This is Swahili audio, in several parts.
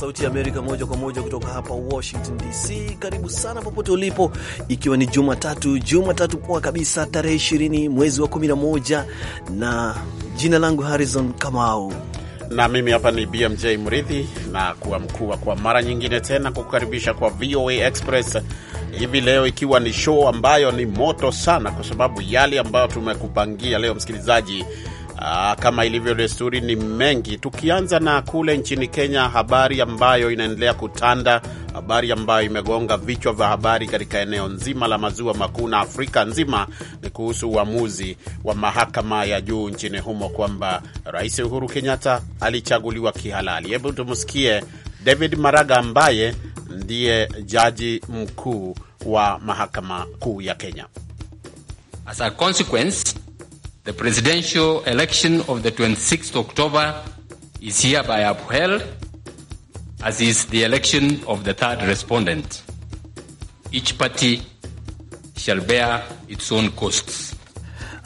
Sauti ya Amerika moja kwa moja kutoka hapa Washington DC. Karibu sana popote ulipo, ikiwa ni Jumatatu, Jumatatu poa kabisa, tarehe 20 mwezi wa 11, na jina langu Harrison Kamau na mimi hapa ni BMJ Mridhi na kuwa mkuu kwa mara nyingine tena kukukaribisha kwa VOA Express hivi leo, ikiwa ni show ambayo ni moto sana, kwa sababu yale ambayo tumekupangia leo msikilizaji Aa, ah, kama ilivyo desturi ni mengi, tukianza na kule nchini Kenya, habari ambayo inaendelea kutanda, habari ambayo imegonga vichwa vya habari katika eneo nzima la maziwa makuu na Afrika nzima ni kuhusu uamuzi wa mahakama ya juu nchini humo kwamba Rais Uhuru Kenyatta alichaguliwa kihalali. Hebu tumsikie David Maraga ambaye ndiye jaji mkuu wa mahakama kuu ya Kenya. As a consequence The presidential election of the 26th October is hereby upheld, as is the election of the third respondent. Each party shall bear its own costs.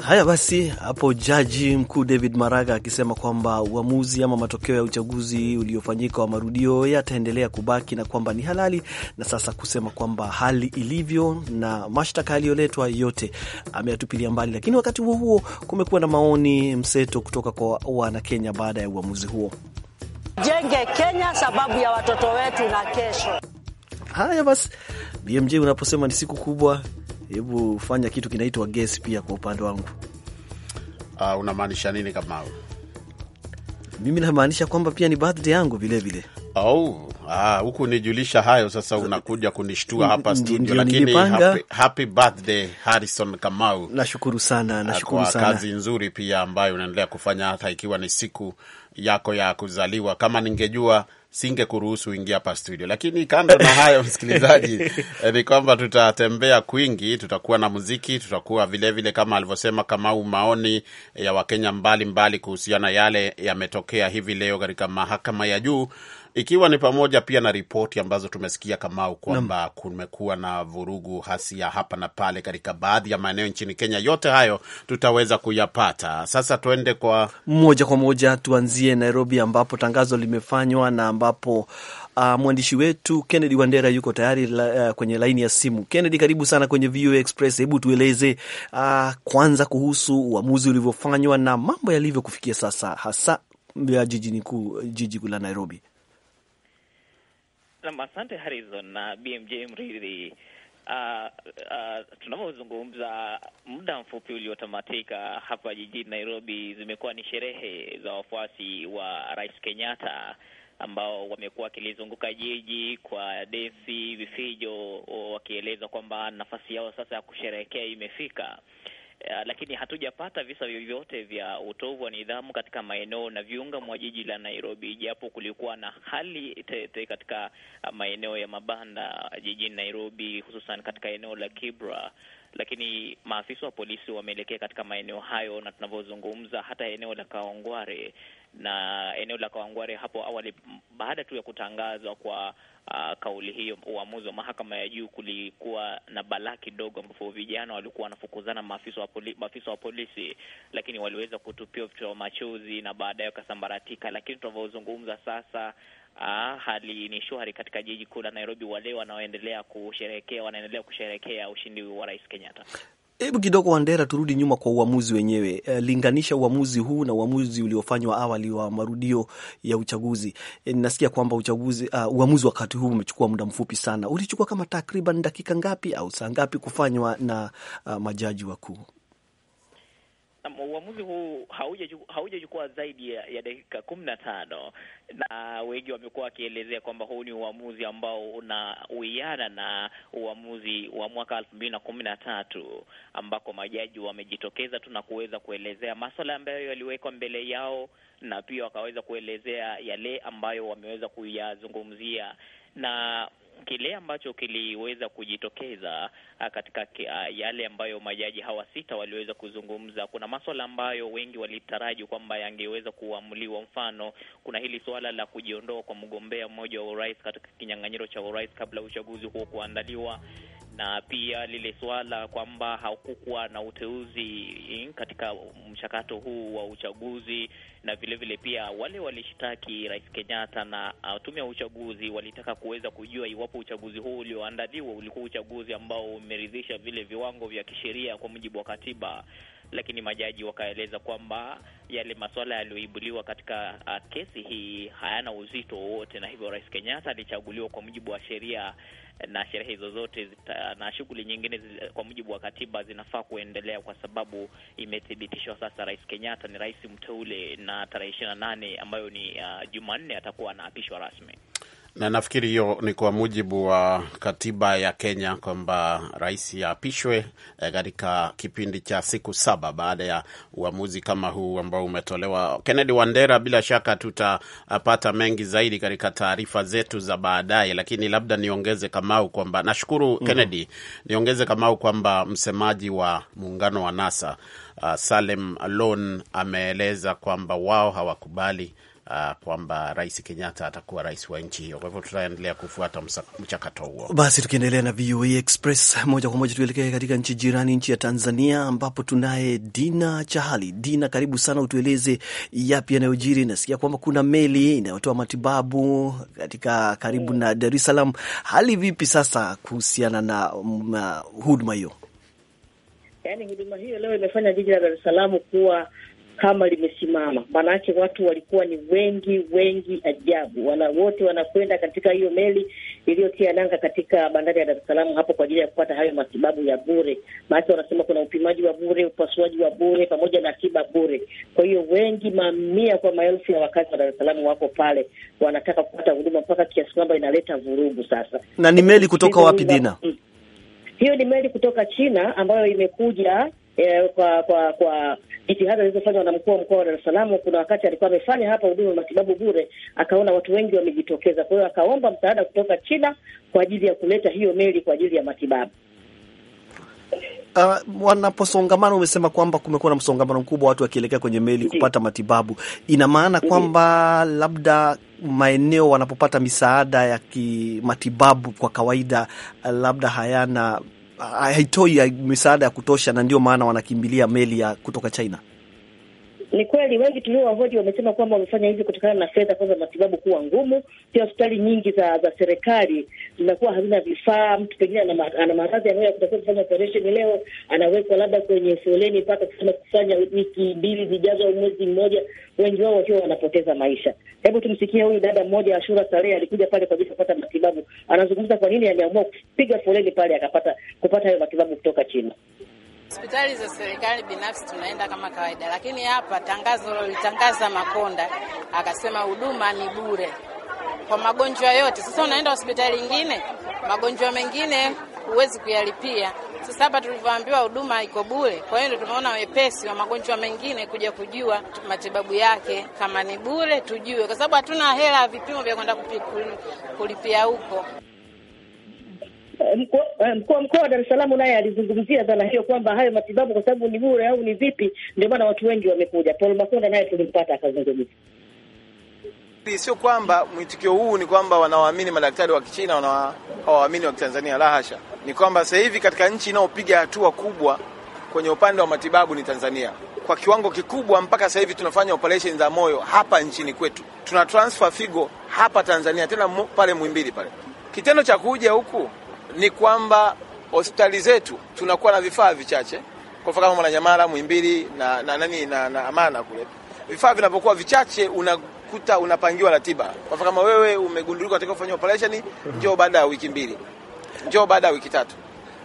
Haya basi, hapo jaji mkuu David Maraga akisema kwamba uamuzi ama matokeo ya uchaguzi uliofanyika wa marudio yataendelea kubaki na kwamba ni halali, na sasa kusema kwamba hali ilivyo na mashtaka yaliyoletwa yote ameyatupilia mbali. Lakini wakati huo huo kumekuwa na maoni mseto kutoka kwa Wanakenya baada ya uamuzi huo. Jenge Kenya sababu ya watoto wetu na kesho. Haya basi, BMJ unaposema ni siku kubwa hebu fanya kitu kinaitwa guess pia kwa upande wangu. Uh, unamaanisha nini Kamau? Mimi namaanisha kwamba pia ni birthday yangu vilevile. Oh, ah, nijulisha hayo sasa, unakuja kunishtua hapa studio, lakini happy, happy birthday Harrison Kamau. Nashukuru sana, nashukuru sana kwa kazi nzuri pia ambayo unaendelea kufanya hata ikiwa ni siku yako ya kuzaliwa. Kama ningejua singe kuruhusu ingia hapa studio, lakini kando na hayo msikilizaji, eh, ni kwamba tutatembea kwingi, tutakuwa na muziki, tutakuwa vilevile vile kama alivyosema Kamau, maoni eh, ya Wakenya mbalimbali kuhusiana yale yametokea hivi leo katika mahakama ya juu ikiwa ni pamoja pia na ripoti ambazo tumesikia Kamau kwamba kumekuwa na vurugu hasi ya hapa na pale katika baadhi ya maeneo nchini Kenya. Yote hayo tutaweza kuyapata. Sasa tuende kwa moja kwa moja, tuanzie Nairobi ambapo tangazo limefanywa na ambapo Uh, mwandishi wetu Kennedy Wandera yuko tayari la, uh, kwenye laini ya simu. Kennedy, karibu sana kwenye VOA Express. Hebu tueleze uh, kwanza kuhusu uamuzi ulivyofanywa na mambo yalivyo kufikia sasa, hasa jiji kuu, jiji kuu la Nairobi. Nam, asante Harrison na BMJ Mridhi. Uh, uh, tunavyozungumza muda mfupi uliotamatika hapa jijini Nairobi, zimekuwa ni sherehe za wafuasi wa Rais Kenyatta ambao wamekuwa wakilizunguka jiji kwa densi, vifijo, wakieleza kwamba nafasi yao sasa ya kusherehekea imefika. Eh, lakini hatujapata visa vyovyote vya utovu wa nidhamu katika maeneo na viunga mwa jiji la Nairobi, japo kulikuwa na hali tete katika maeneo ya mabanda jijini Nairobi, hususan katika eneo la Kibra lakini maafisa wa polisi wameelekea katika maeneo hayo, na tunavyozungumza hata eneo la Kaongware na eneo la Kawangware hapo awali, baada tu ya kutangazwa kwa uh, kauli hiyo, uamuzi wa mahakama ya juu, kulikuwa na balaa kidogo, ambapo vijana walikuwa wanafukuzana maafisa wa, poli, maafisa wa polisi, lakini waliweza kutupia vichwa machozi na baadaye wakasambaratika. Lakini tunavyozungumza sasa Ah, hali ni shwari katika jiji kuu la Nairobi. Wale wanaoendelea kusherehekea wanaendelea kusherehekea ushindi wa Rais Kenyatta. Hebu kidogo Wandera, turudi nyuma kwa uamuzi wenyewe. E, linganisha uamuzi huu na uamuzi uliofanywa awali wa marudio ya uchaguzi. E, nasikia kwamba uchaguzi uh, uamuzi wakati huu umechukua muda mfupi sana. Ulichukua kama takriban dakika ngapi au saa ngapi kufanywa na uh, majaji wakuu? Uamuzi huu haujachukua zaidi ya, ya dakika kumi na tano na wengi wamekuwa wakielezea kwamba huu ni uamuzi ambao unawiana na uamuzi wa mwaka elfu mbili na kumi na tatu ambako majaji wamejitokeza tu na kuweza kuelezea maswala ambayo yaliwekwa mbele yao na pia wakaweza kuelezea yale ambayo wameweza kuyazungumzia na kile ambacho kiliweza kujitokeza ah, katika ah, yale ambayo majaji hawa sita waliweza kuzungumza, kuna maswala ambayo wengi walitaraji kwamba yangeweza kuamuliwa. Mfano, kuna hili suala la kujiondoa kwa mgombea mmoja wa urais katika kinyang'anyiro cha urais kabla uchaguzi huo kuandaliwa na pia lile suala kwamba hakukuwa na uteuzi eh, katika mchakato huu wa uchaguzi, na vilevile vile pia wale walishtaki Rais Kenyatta na uh, tume ya uchaguzi walitaka kuweza kujua iwapo uchaguzi huu ulioandaliwa ulikuwa uchaguzi ambao umeridhisha vile viwango vya kisheria kwa mujibu wa katiba lakini majaji wakaeleza kwamba yale masuala yaliyoibuliwa katika uh, kesi hii hayana uzito wowote, na hivyo Rais Kenyatta alichaguliwa kwa mujibu wa sheria eh, na sherehe hizo zote na shughuli nyingine kwa mujibu wa katiba zinafaa kuendelea, kwa sababu imethibitishwa sasa Rais Kenyatta ni rais mteule, na tarehe ishirini na nane ambayo ni uh, Jumanne atakuwa anaapishwa rasmi. Na nafikiri hiyo ni kwa mujibu wa katiba ya Kenya kwamba rais aapishwe eh, katika kipindi cha siku saba baada ya uamuzi kama huu ambao umetolewa. Kennedy Wandera, bila shaka tutapata mengi zaidi katika taarifa zetu za baadaye, lakini labda niongeze Kamau kwamba nashukuru mm-hmm. Kennedy, niongeze Kamau kwamba msemaji wa muungano wa NASA uh, Salem Alon ameeleza kwamba wao hawakubali uh, kwamba Rais Kenyatta atakuwa rais wa nchi hiyo. Kwa hivyo tutaendelea kufuata mchakato huo. Basi tukiendelea na VOA Express moja kwa moja, tuelekee katika nchi jirani, nchi ya Tanzania, ambapo tunaye Dina Chahali. Dina, karibu sana, utueleze yapi yanayojiri. Nasikia kwamba kuna meli inayotoa matibabu katika karibu na Dar es Salaam. Hali vipi sasa kuhusiana na mm, uh, huduma hiyo? Yaani huduma hiyo leo imefanya jiji la Dar es Salaam kuwa kama limesimama, maanake watu walikuwa ni wengi wengi ajabu. Wana wote wanakwenda katika hiyo meli iliyotia nanga katika bandari ya Dar es Salaam hapo kwa ajili ya kupata hayo matibabu ya bure, maanake wanasema kuna upimaji wa bure, upasuaji wa bure, pamoja na tiba bure. Kwa hiyo wengi, mamia kwa maelfu ya wakazi wa Dar es Salaam wako pale, wanataka kupata huduma mpaka kiasi kwamba inaleta vurugu sasa. Na ni meli kutoka wapi Dina? Hiyo ni meli kutoka China ambayo imekuja eh, kwa kwa kwa jitihada zilizofanywa na mkuu wa mkoa wa Dar es Salaam. Kuna wakati alikuwa amefanya hapa huduma ya matibabu bure, akaona watu wengi wamejitokeza, kwa hiyo akaomba msaada kutoka China kwa ajili ya kuleta hiyo meli kwa ajili ya matibabu. Uh, ah, wanaposongamana, umesema kwamba kumekuwa na msongamano mkubwa watu wakielekea kwenye meli kupata matibabu. Ina maana kwamba labda maeneo wanapopata misaada ya kimatibabu kwa kawaida labda hayana haitoi misaada ya kutosha, na ndio maana wanakimbilia meli ya kutoka China. Ni kweli wengi tuliowahoji wamesema kwamba wamefanya hivi kutokana na fedha kwanza, matibabu kuwa ngumu. Pia hospitali nyingi za za serikali zinakuwa hazina vifaa. Mtu pengine ana maradhi ambayo kutakiwa kufanya operation leo, anawekwa labda kwenye foleni mpaka kusema kufanya wiki mbili zijazo au mwezi mmoja, wengi wao wakiwa wanapoteza maisha. Hebu tumsikie huyu dada mmoja, Ashura Salehe, alikuja pale kwa ajili ya kupata matibabu. Anazungumza kwa nini aliamua kupiga foleni pale akapata kupata hayo matibabu kutoka China. Hospitali za serikali binafsi tunaenda kama kawaida, lakini hapa tangazo lolitangaza Makonda akasema huduma ni bure kwa magonjwa yote. Sasa unaenda hospitali nyingine, magonjwa mengine huwezi kuyalipia. Sasa hapa tulivyoambiwa huduma iko bure, kwa hiyo ndio tumeona wepesi wa magonjwa mengine kuja kujua matibabu yake kama ni bure, tujue, kwa sababu hatuna hela ya vipimo vya kwenda kulipia huko mkuu wa eh, mkoa wa Dar es Salaam naye alizungumzia dhana hiyo kwamba hayo matibabu kwa sababu ni bure au ni vipi, ndio maana watu wengi wamekuja. Paul Makonda naye tulimpata akazungumza. Sio kwamba mwitikio huu ni kwamba wanawaamini madaktari wa Kichina wanawaamini wa Kitanzania, la hasha. Ni kwamba sasa hivi katika nchi inayopiga hatua kubwa kwenye upande wa matibabu ni Tanzania kwa kiwango kikubwa. Mpaka sasa hivi tunafanya operation za moyo hapa nchini kwetu, tuna transfer figo hapa Tanzania, tena pale Muhimbili pale. Kitendo cha kuja huku ni kwamba hospitali zetu tunakuwa na vifaa vichache, kwa mfano kama Mwananyamala, Muhimbili na na nani na, na Amana kule, vifaa vinapokuwa vichache unakuta unapangiwa ratiba. Kwa mfano kama wewe umegundulika unataka kufanya operation, njoo baada ya wiki mbili, njoo baada ya wiki tatu.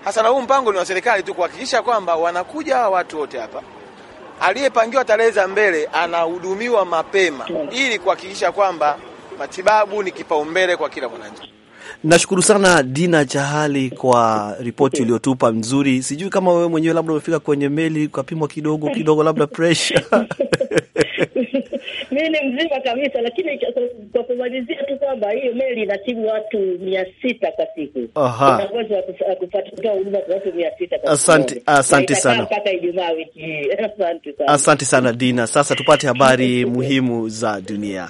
Hasa na huu mpango ni wa serikali tu kuhakikisha kwamba wanakuja watu wote hapa aliyepangiwa tarehe za mbele anahudumiwa mapema ili kuhakikisha kwamba matibabu ni kipaumbele kwa kila mwananchi. Nashukuru sana Dina Chahali kwa ripoti uliotupa nzuri. Sijui kama wewe mwenyewe labda umefika kwenye meli ukapimwa kidogo kidogo, labda pressure mi ni mzima kabisa, lakini kwa kumalizia tu kwamba hiyo meli inatibu watu mia sita kwa siku, ina uwezo wa kutoa huduma kwa watu mia sita kwa siku. Asante, asante sana, mpaka Ijumaa wiki hii. Asante sana, asante sana Dina. Sasa tupate habari muhimu za dunia.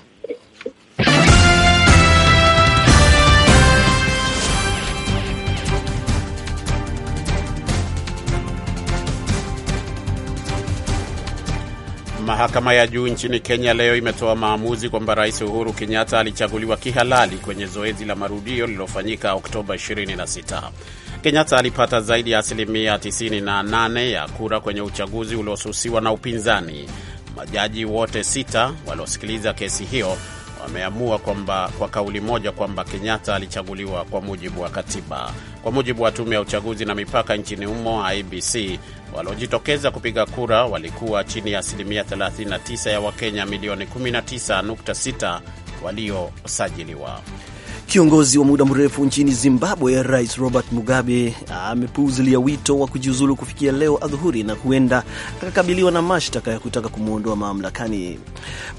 Mahakama ya juu nchini Kenya leo imetoa maamuzi kwamba Rais Uhuru Kenyatta alichaguliwa kihalali kwenye zoezi la marudio lililofanyika Oktoba 26. Kenyatta alipata zaidi ya asilimia 98 ya kura kwenye uchaguzi uliosusiwa na upinzani. Majaji wote sita waliosikiliza kesi hiyo wameamua kwamba kwa kauli moja kwamba Kenyatta alichaguliwa kwa mujibu wa katiba kwa mujibu wa tume ya uchaguzi na mipaka nchini humo IBC, waliojitokeza kupiga kura walikuwa chini ya asilimia 39 ya Wakenya milioni 19.6 waliosajiliwa. Kiongozi wa muda mrefu nchini Zimbabwe, Rais Robert Mugabe amepuuzilia wito wa kujiuzulu kufikia leo adhuhuri na huenda akakabiliwa na mashtaka ya kutaka kumwondoa mamlakani.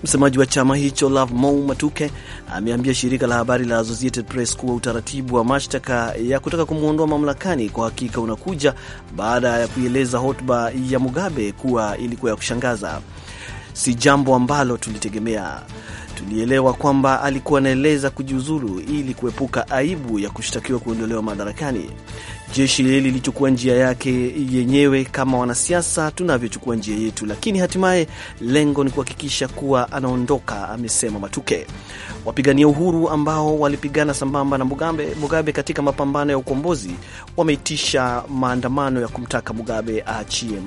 Msemaji wa chama hicho Mo Matuke ameambia shirika la habari la Associated Press kuwa utaratibu wa mashtaka ya kutaka kumwondoa mamlakani kwa hakika unakuja baada ya kuieleza hotuba ya Mugabe kuwa ilikuwa ya kushangaza, si jambo ambalo tulitegemea Tulielewa kwamba alikuwa anaeleza kujiuzulu ili kuepuka aibu ya kushtakiwa kuondolewa madarakani. Jeshi lilichukua njia yake yenyewe kama wanasiasa tunavyochukua njia yetu, lakini hatimaye lengo ni kuhakikisha kuwa anaondoka, amesema Matuke. Wapigania uhuru ambao walipigana sambamba na Mugabe, Mugabe katika mapambano ya ukombozi wameitisha maandamano ya kumtaka Mugabe aachie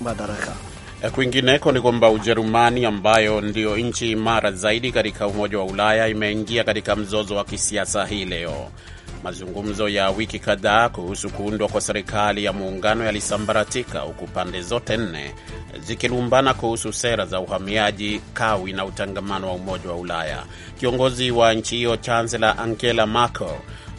madaraka. Eh, kwingineko ni kwamba Ujerumani ambayo ndiyo nchi imara zaidi katika Umoja wa Ulaya imeingia katika mzozo wa kisiasa hii leo. Mazungumzo ya wiki kadhaa kuhusu kuundwa kwa serikali ya muungano yalisambaratika huku pande zote nne zikilumbana kuhusu sera za uhamiaji, kawi na utangamano wa Umoja wa Ulaya. Kiongozi wa nchi hiyo Chancellor Angela Merkel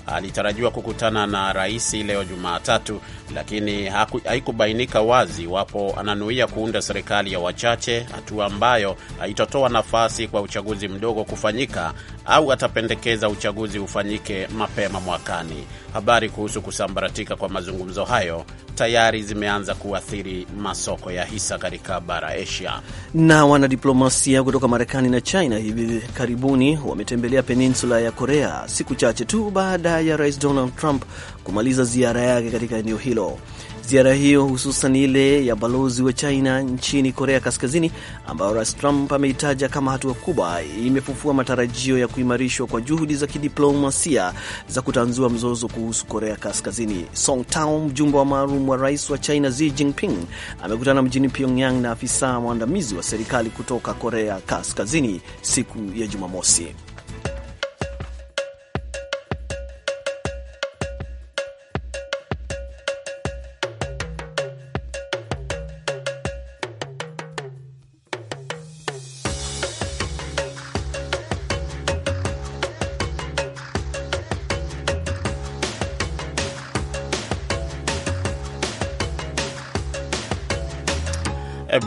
alitarajiwa kukutana na rais leo Jumatatu, lakini haikubainika wazi iwapo ananuia kuunda serikali ya wachache, hatua ambayo haitotoa nafasi kwa uchaguzi mdogo kufanyika au atapendekeza uchaguzi ufanyike mapema mwakani. Habari kuhusu kusambaratika kwa mazungumzo hayo tayari zimeanza kuathiri masoko ya hisa katika bara Asia. Na wanadiplomasia kutoka Marekani na China hivi karibuni wametembelea peninsula ya Korea siku chache tu baada baada ya rais Donald Trump kumaliza ziara yake katika eneo hilo. Ziara hiyo hususan ile ya balozi wa China nchini Korea Kaskazini, ambayo rais Trump ameitaja kama hatua kubwa, imefufua matarajio ya kuimarishwa kwa juhudi za kidiplomasia za kutanzua mzozo kuhusu Korea Kaskazini. Song Tao, mjumbe wa maalum wa rais wa China Xi Jinping, amekutana mjini Pyongyang na afisa mwandamizi wa serikali kutoka Korea Kaskazini siku ya Jumamosi.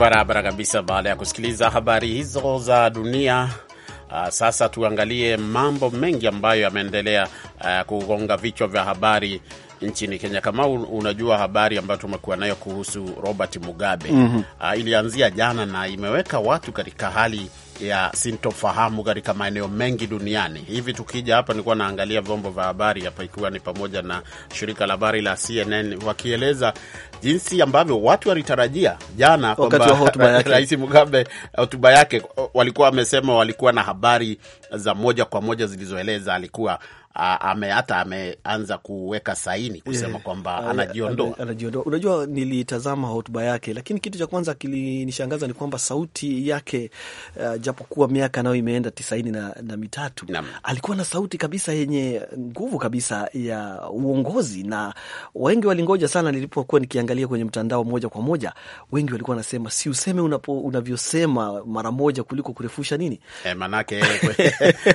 barabara kabisa. Baada ya kusikiliza habari hizo za dunia, uh, sasa tuangalie mambo mengi ambayo yameendelea uh, kugonga vichwa vya habari nchini Kenya. Kama unajua habari ambayo tumekuwa nayo kuhusu Robert Mugabe mm -hmm. uh, ilianzia jana na imeweka watu katika hali ya sintofahamu katika maeneo mengi duniani. Hivi tukija hapa, nilikuwa naangalia vyombo vya habari hapa, ikiwa ni pamoja na shirika la habari la CNN wakieleza jinsi ambavyo watu walitarajia jana kwamba Rais Mugabe hotuba yake, walikuwa wamesema, walikuwa na habari za moja kwa moja zilizoeleza alikuwa ame, hata ameanza kuweka saini kusema yeah, kwamba anajiondoa anajiondoa. Unajua, nilitazama hotuba yake, lakini kitu cha kwanza kilinishangaza ni kwamba sauti yake uh, japokuwa miaka nayo imeenda tisaini na, na mitatu na, alikuwa na sauti kabisa yenye nguvu kabisa ya uongozi, na wengi walingoja sana. Nilipokuwa nikiangalia kwenye mtandao moja kwa moja, wengi walikuwa wanasema si useme unapo, unavyosema mara moja kuliko kurefusha nini. E, manake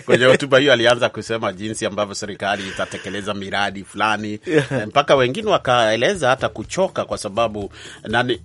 kwenye hotuba hiyo alianza kusema jinsi ambavyo ambavyo serikali itatekeleza miradi fulani yeah. Eh, mpaka wengine wakaeleza hata kuchoka kwa sababu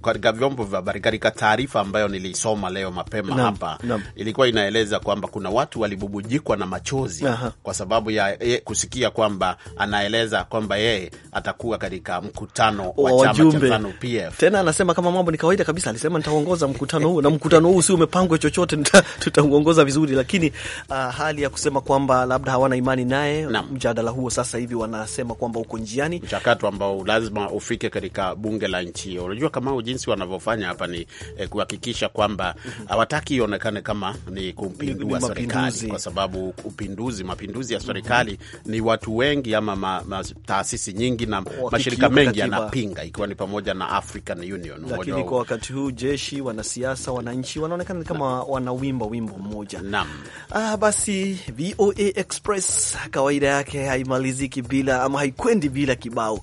katika vyombo vya habari, katika taarifa ambayo nilisoma leo mapema no, hapa no. Ilikuwa inaeleza kwamba kuna watu walibubujikwa na machozi Aha. kwa sababu ya ye, eh, kusikia kwamba anaeleza kwamba yeye atakuwa katika mkutano wa oh, chama cha Zanu PF. Tena anasema kama mambo ni kawaida kabisa, alisema nitaongoza mkutano huu na mkutano huu si umepangwa chochote, tutauongoza vizuri, lakini uh, hali ya kusema kwamba labda hawana imani naye na mjadala huo sasa hivi wanasema kwamba uko njiani, mchakato ambao lazima ufike katika bunge la nchi hiyo. Unajua kama jinsi wanavyofanya hapa ni eh, kuhakikisha kwamba mhm. hawataki ionekane kama ni kumpindua serikali, kwa sababu upinduzi, mapinduzi ya mhm. serikali ni watu wengi ama ma, ma, taasisi nyingi na Wakiki mashirika mengi yanapinga, ikiwa ni pamoja na African Union. Lakini kwa wakati huu jeshi, wanasiasa, wananchi wanaonekana kama wanawimba wimbo mmoja. Naam, ah, basi VOA Express kawaida kawaida yake haimaliziki bila ama haikwendi bila kibao,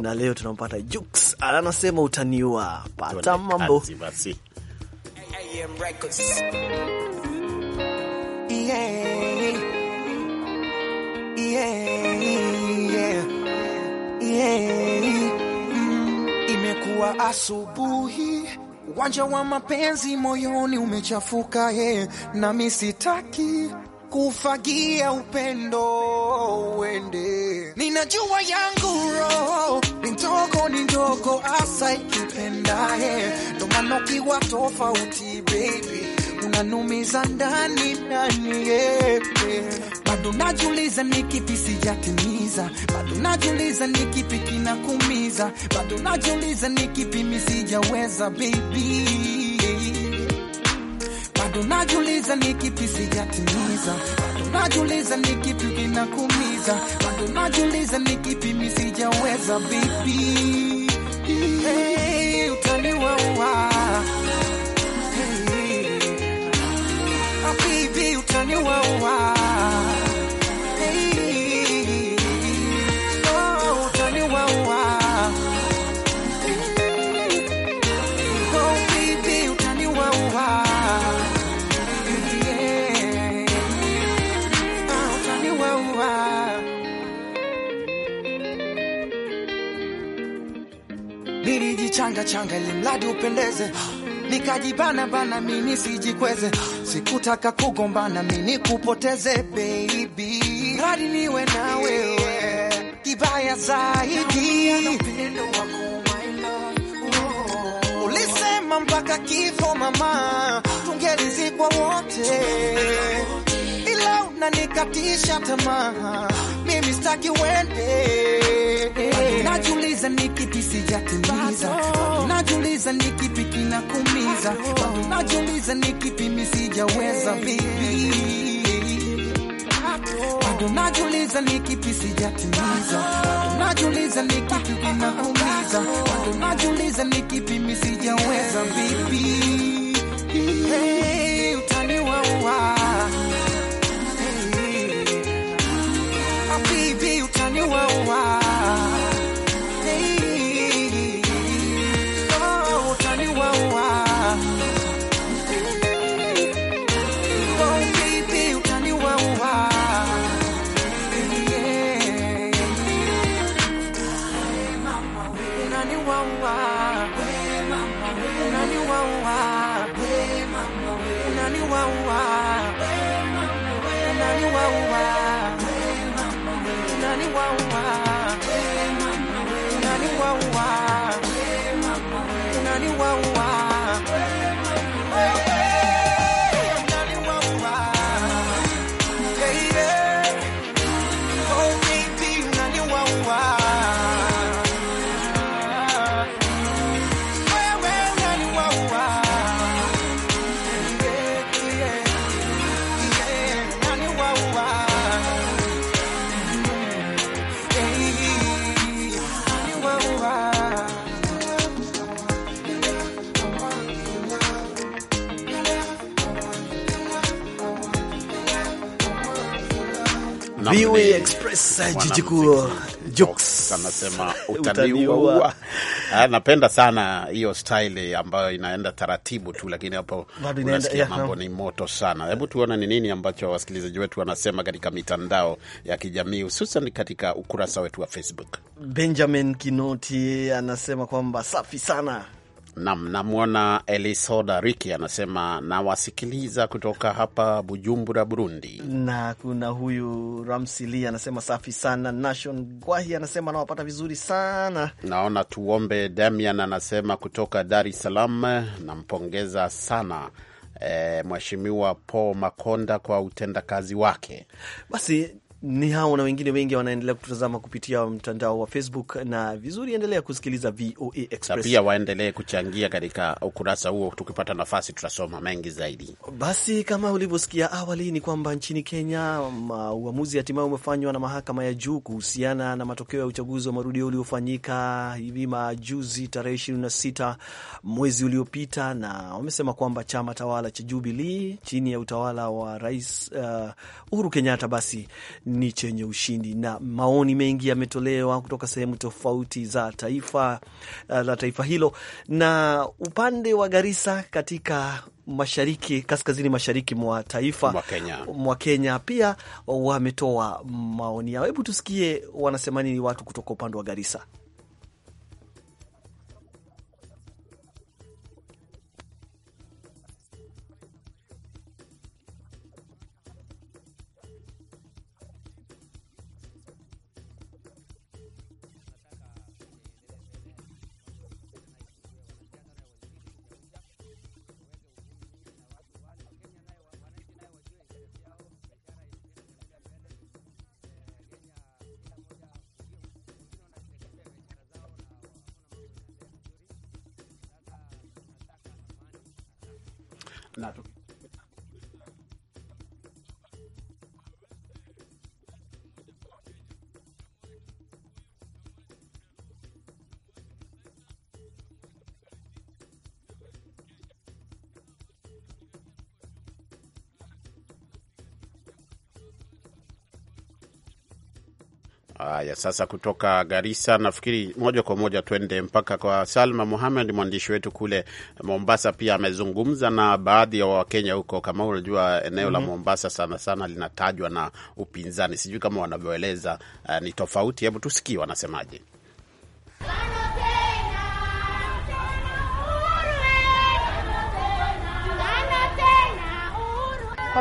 na leo tunampata Jux anasema utaniua. Pata mambo Imekuwa asubuhi, uwanja wa mapenzi moyoni umechafuka, na nami sitaki kufagia upendo uende. Ninajua yangu roho ni ndogo, ni ndogo asa ikipendaye, ndomana ukiwa tofauti baby unanumiza ndani nani yeah. Bado najuliza ni kipi sijatimiza, bado najuliza ni kipi kinakumiza, bado najuliza ni kipi misijaweza baby Najiuliza ni kipi sijatimiza, najiuliza ni kipi kinakumiza, najiuliza ni kipi mimi sijaweza. Vipi Hey, bibi, utaniua changa ili mradi upendeze nikajibana bana mini sijikweze sikutaka kugombana mini kupoteze baby mradi niwe na wewe kibaya zaidi ulisema mpaka kifo mama tungelizikwa wote ila unanikatisha tamaa mimi sitaki wende hey. Najuliza ni kipi sijatimiza, najuliza ni kipi kinakumiza, najuliza ni kipi misijaweza vipi, bado najuliza ni kipi sijatimiza, najuliza ni kipi kinakumiza, najuliza ni kipi misijaweza vipi, hey, utaniwaua Baby, utaniwaua unaniwaua kabisa jiji kuu Jux anasema utaniua. Ah, napenda sana hiyo style ambayo inaenda taratibu tu, lakini hapo unasikia mambo ni moto sana. Hebu tuone ni nini ambacho wasikilizaji wetu wanasema katika mitandao ya kijamii, hususan katika ukurasa wetu wa Facebook. Benjamin Kinoti anasema kwamba safi sana Nam, namwona Elisoda Riki anasema nawasikiliza kutoka hapa Bujumbura, Burundi. Na kuna huyu Ramsili anasema safi sana. Nation Gwahi anasema anawapata vizuri sana. Naona tuombe. Damian anasema kutoka Dar es Salaam, nampongeza sana e, Mheshimiwa Paul Makonda kwa utendakazi wake. Basi ni hao na wengine wengi wanaendelea kututazama kupitia mtandao wa Facebook, na vizuri, endelea kusikiliza VOA Express na pia waendelee kuchangia katika ukurasa huo. Tukipata nafasi, tutasoma mengi zaidi. Basi, kama ulivyosikia awali, ni kwamba nchini Kenya uamuzi hatimaye umefanywa na mahakama ya juu kuhusiana na matokeo ya uchaguzi wa marudio uliofanyika hivi majuzi tarehe sita mwezi uliopita, na wamesema kwamba chama tawala cha Jubilee chini ya utawala wa Rais uh, Uhuru Kenyatta basi ni chenye ushindi, na maoni mengi yametolewa kutoka sehemu tofauti za taifa eh, la taifa hilo, na upande wa Garissa katika mashariki kaskazini mashariki mwa taifa mwa Kenya, mwa Kenya pia wametoa maoni yao. Hebu tusikie wanasema nini watu kutoka upande wa Garissa. Claro. Haya, sasa kutoka Garissa nafikiri moja kwa moja twende mpaka kwa Salma Muhamed, mwandishi wetu kule Mombasa. Pia amezungumza na baadhi ya Wakenya huko. Kama unajua eneo mm -hmm. la mhm. Mombasa sana sana linatajwa na upinzani, sijui kama wanavyoeleza uh, ni tofauti. Hebu tusikie wanasemaje.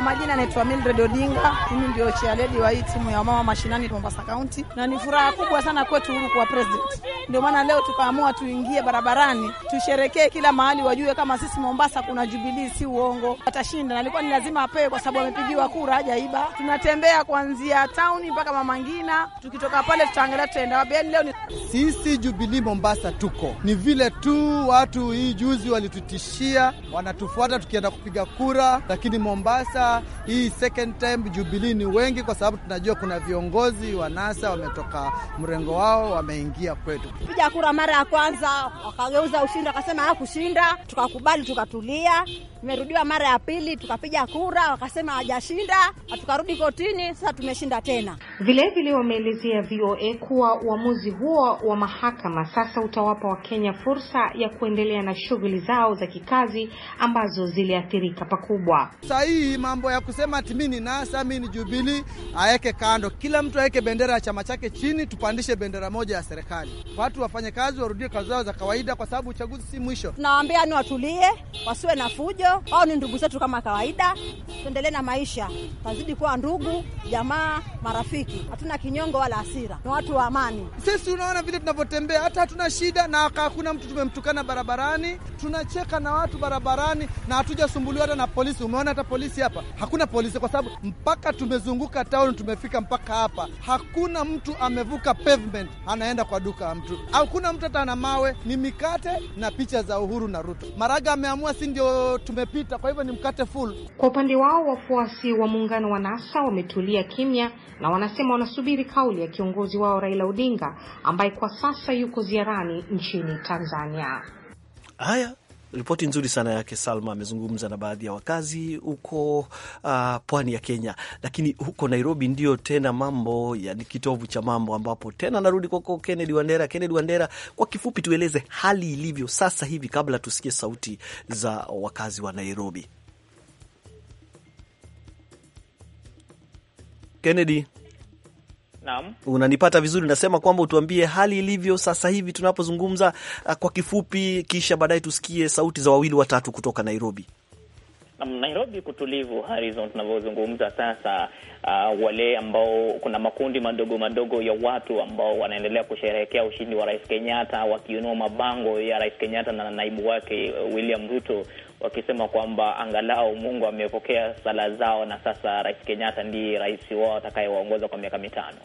majina anaitwa Mildred Odinga, mimi ndio chairlady wa hii timu ya mama mashinani Mombasa County, na ni furaha kubwa sana kwetu huru kuwa president. Ndio maana leo tukaamua tuingie barabarani, tusherekee kila mahali, wajue kama sisi Mombasa kuna Jubilii, si uongo, atashinda. Na ilikuwa ni lazima apewe kwa sababu amepigiwa kura, hajaiba. Tunatembea kuanzia tauni mpaka Mama Ngina, tukitoka pale tutaangalia tutaenda wapi. Yaani leo ni sisi Jubilii Mombasa tuko ni vile tu watu hii juzi walitutishia wanatufuata tukienda kupiga kura, lakini Mombasa hii second time Jubilii ni wengi, kwa sababu tunajua kuna viongozi wa NASA wametoka mrengo wao wameingia kwetu. Piga kura mara ya kwanza wakageuza ushindi, wakasema hakushinda, tukakubali, tukatulia. Imerudiwa mara ya pili, tukapiga kura, wakasema hawajashinda, tukarudi kotini, sasa tumeshinda tena. Vilevile wameelezea VOA kuwa uamuzi huo wa mahakama sasa utawapa Wakenya fursa ya kuendelea na shughuli zao za kikazi ambazo ziliathirika pakubwa. Sasa hii mambo ya kusema ati mimi ni NASA, mimi ni Jubili, aweke kando, kila mtu aweke bendera ya chama chake chini, tupandishe bendera moja ya serikali watu wafanye kazi, warudie kazi zao za kawaida, kwa sababu uchaguzi si mwisho. Tunawaambia ni watulie, wasiwe na fujo, au ni ndugu zetu kama kawaida. Tuendelee na maisha, tazidi kuwa ndugu, jamaa, marafiki. Hatuna kinyongo wala hasira, ni watu wa amani. Sisi unaona vile tunavyotembea, hata hatuna shida na hakuna mtu tumemtukana barabarani, tunacheka na watu barabarani na hatujasumbuliwa hata na polisi. Umeona hata polisi hapa hakuna polisi, kwa sababu mpaka tumezunguka tauni tumefika mpaka hapa, hakuna mtu amevuka pavement anaenda kwa duka mtu tu. Hakuna mtu hata na mawe, ni mikate na picha za Uhuru na Ruto. Maraga ameamua, si ndio tumepita, kwa hivyo ni mkate full. Kwa upande wao, wafuasi wa muungano wa NASA wametulia kimya na wanasema wanasubiri kauli ya kiongozi wao Raila Odinga ambaye kwa sasa yuko ziarani nchini Tanzania. Haya. Ripoti nzuri sana yake Salma. Amezungumza na baadhi ya wakazi huko uh, pwani ya Kenya, lakini huko Nairobi ndio tena mambo yani kitovu cha mambo, ambapo tena narudi kwako Kennedy Wandera. Kennedy Wandera, kwa kifupi tueleze hali ilivyo sasa hivi kabla tusikie sauti za wakazi wa Nairobi. Kennedy. Naam. Unanipata vizuri? Nasema kwamba utuambie hali ilivyo sasa hivi tunapozungumza ah, kwa kifupi, kisha baadaye tusikie sauti za wawili watatu kutoka Nairobi. Nairobi kutulivu, Harrison, tunavyozungumza sasa. Uh, wale ambao kuna makundi madogo madogo ya watu ambao wanaendelea kusherehekea ushindi wa Rais Kenyatta wakiinua mabango ya Rais Kenyatta na naibu wake eh, William Ruto wakisema kwamba angalau Mungu amepokea sala zao na sasa Rais Kenyatta ndiye rais wao atakayewaongoza kwa miaka mitano.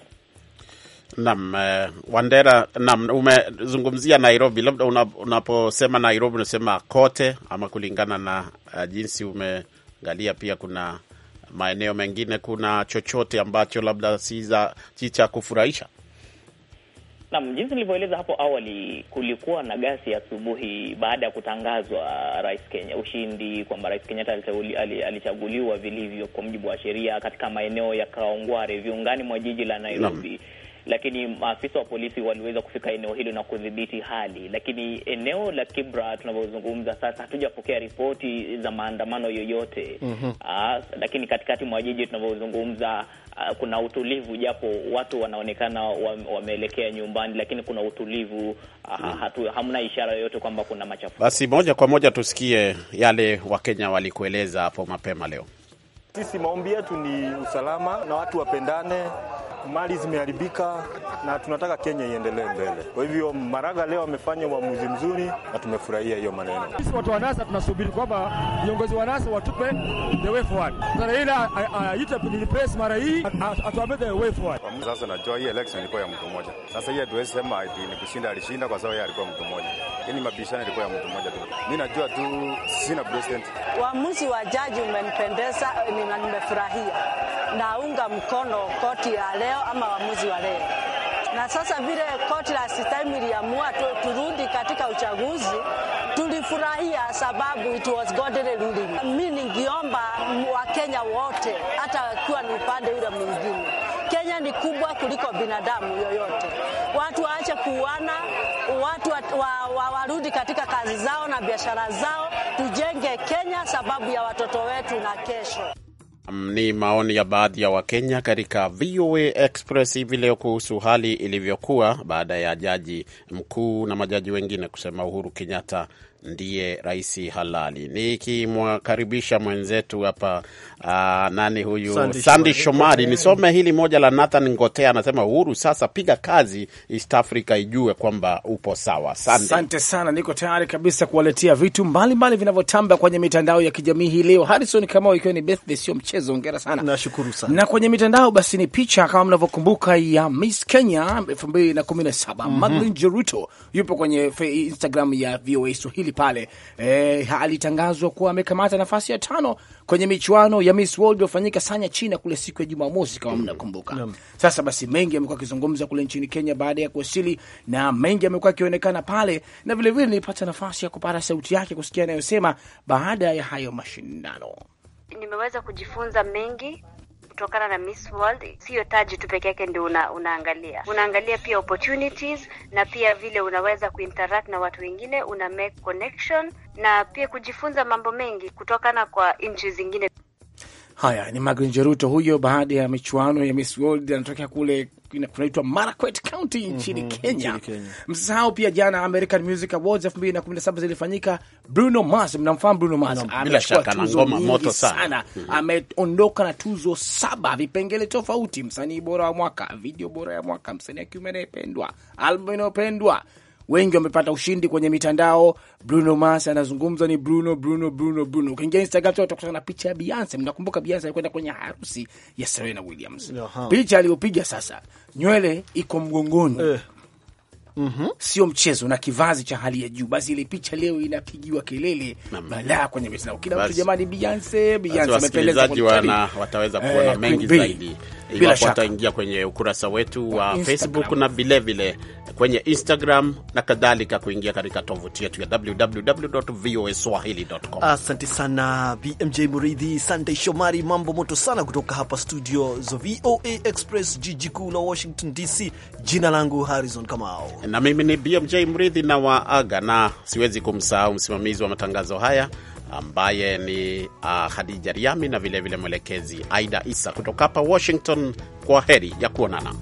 Naam, eh, Wandera, naam, umezungumzia Nairobi. Labda unaposema Nairobi unasema kote ama kulingana na uh, jinsi umeangalia, pia kuna maeneo mengine, kuna chochote ambacho labda si cha kufurahisha? Naam, jinsi nilivyoeleza hapo awali, kulikuwa na gasi asubuhi baada ya kutangazwa rais Kenya ushindi kwamba rais Kenyatta alichaguliwa vilivyo kwa mujibu wa sheria katika maeneo ya Kaongware viungani mwa jiji la Nairobi. Naam lakini maafisa wa polisi waliweza kufika eneo hilo na kudhibiti hali. Lakini eneo la Kibra tunavyozungumza sasa, hatujapokea ripoti za maandamano yoyote mm -hmm. Aa, ah, lakini katikati mwa jiji tunavyozungumza ah, kuna utulivu japo watu wanaonekana wameelekea nyumbani, lakini kuna utulivu ah, mm. hatu, hamna ishara yoyote kwamba kuna machafuko. Basi moja kwa moja tusikie yale Wakenya walikueleza hapo mapema leo. Sisi maombi yetu ni usalama na watu wapendane. Mali zimeharibika na tunataka Kenya iendelee mbele. Kwa hivyo Maraga leo amefanya uamuzi mzuri na tumefurahia hiyo maneno. Sisi watu wa NASA tunasubiri kwamba viongozi wa NASA watupe the way forward. Raila aite press mara hii atuambie the way forward. Sasa najua hii election ilikuwa ya mtu mmoja. Sasa hii hatuwezi sema ati ni kushinda alishinda kwa sababu yeye alikuwa mtu mmoja. Hii ni yaani mabishano ilikuwa ya mtu mmoja tu. Mimi najua tu sina president. Uamuzi wa jaji umempendeza ni na nimefurahia, naunga mkono koti ya leo ama uamuzi wa leo. Na sasa vile koti la sistemi iliamua turudi katika uchaguzi, tulifurahia sababu it was God ruling. Mi ningiomba Wakenya wote, hata akiwa ni upande ule mwingine, Kenya ni kubwa kuliko binadamu yoyote. Watu waache kuuana, watu wa, wa, warudi katika kazi zao na biashara zao, tujenge Kenya sababu ya watoto wetu na kesho. Ni maoni ya baadhi ya Wakenya katika VOA Express hivi leo kuhusu hali ilivyokuwa baada ya jaji mkuu na majaji wengine kusema Uhuru Kenyatta ndiye rais halali. Nikimwakaribisha mwenzetu hapa uh, nani huyu Sandi, Shomari, nisome hili moja la Nathan Ngotea, anasema Uhuru, sasa piga kazi, East Africa ijue kwamba upo sawa. Asante sana, niko tayari kabisa kuwaletea vitu mbalimbali vinavyotamba kwenye mitandao ya kijamii hii leo. Harison Kamau, ikiwa ni birthday, sio mchezo, ongera sana. Nashukuru sana. Na kwenye mitandao basi ni picha kama mnavyokumbuka ya Miss Kenya -hmm. Madeline Jeruto yupo kwenye Instagram ya VOA Swahili mahali pale e, alitangazwa kuwa amekamata nafasi ya tano kwenye michuano ya Miss World iliyofanyika Sanya, China kule siku ya Jumamosi kama mm. mnakumbuka. Mm. Sasa basi mengi amekuwa akizungumza kule nchini Kenya baada ya kuwasili na mengi amekuwa akionekana pale, na vilevile nilipata nafasi ya kupata sauti yake kusikia anayosema baada ya hayo mashindano. Nimeweza kujifunza mengi kutokana na Miss World, sio taji tu peke yake ndio una, unaangalia, unaangalia pia opportunities na pia vile unaweza kuinteract na watu wengine, una make connection na pia kujifunza mambo mengi kutokana kwa nchi zingine. Haya ni Magrin Jeruto huyo, baada ya michuano ya Miss World anatokea kule kunaitwa Marakwet County nchini mm -hmm, Kenya, Kenya. Msisahau pia jana American Music Awards 2017 zilifanyika. Bruno Mars, mnamfahamu Bruno Mars, amechukua tuzo moto sana mhm. Ameondoka na tuzo saba, vipengele tofauti: msanii bora wa mwaka, video bora ya mwaka, msanii akiume anayependwa, album inayopendwa wengi wamepata ushindi kwenye mitandao. Bruno Mars anazungumza ni Bruno, Bruno, Bruno, Bruno. Ukiingia Instagram tu utakutana na picha ya Beyonce. Mnakumbuka Beyonce alikwenda kwenye harusi ya Serena Williams, picha aliyopiga sasa, nywele iko mgongoni eh mm -hmm. sio mchezo na kivazi cha hali ya juu. Basi ile picha leo inapigiwa kelele balaa kwenye mitandao, kila mtu jamani, Beyonce Beyonce amepeleza kwa wataweza kuona eh, mengi zaidi iwapo wataingia kwenye ukurasa wetu wa Instagram, Facebook na vilevile kwenye Instagram na kadhalika, kuingia katika tovuti yetu ya www.voaswahili.com. Asante sana BMJ Muridhi, Sunday Shomari, mambo moto sana kutoka hapa studio za VOA Express, jiji kuu la Washington DC. Jina langu Harrison Kamau na mimi ni BMJ Mridhi na waaga, na siwezi kumsahau msimamizi wa matangazo haya ambaye ni uh, Khadija Riami na vilevile mwelekezi Aida Isa kutoka hapa Washington. Kwa heri ya kuonana.